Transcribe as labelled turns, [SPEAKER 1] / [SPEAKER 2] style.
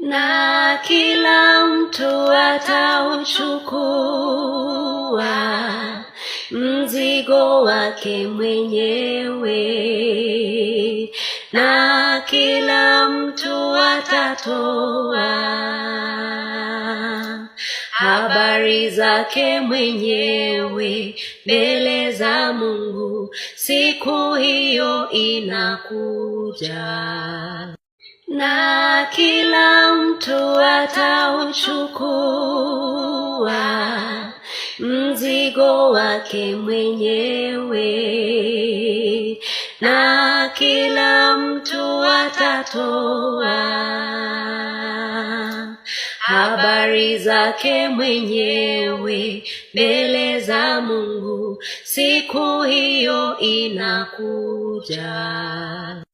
[SPEAKER 1] na kila mtu atauchukua mzigo wake mwenyewe, na kila mtu atatoa habari zake mwenyewe mbele za Mungu. Siku hiyo inakuja na kila mtu atauchukua mzigo wake mwenyewe, na kila mtu atatoa habari zake mwenyewe mbele za Mungu. Siku hiyo inakuja.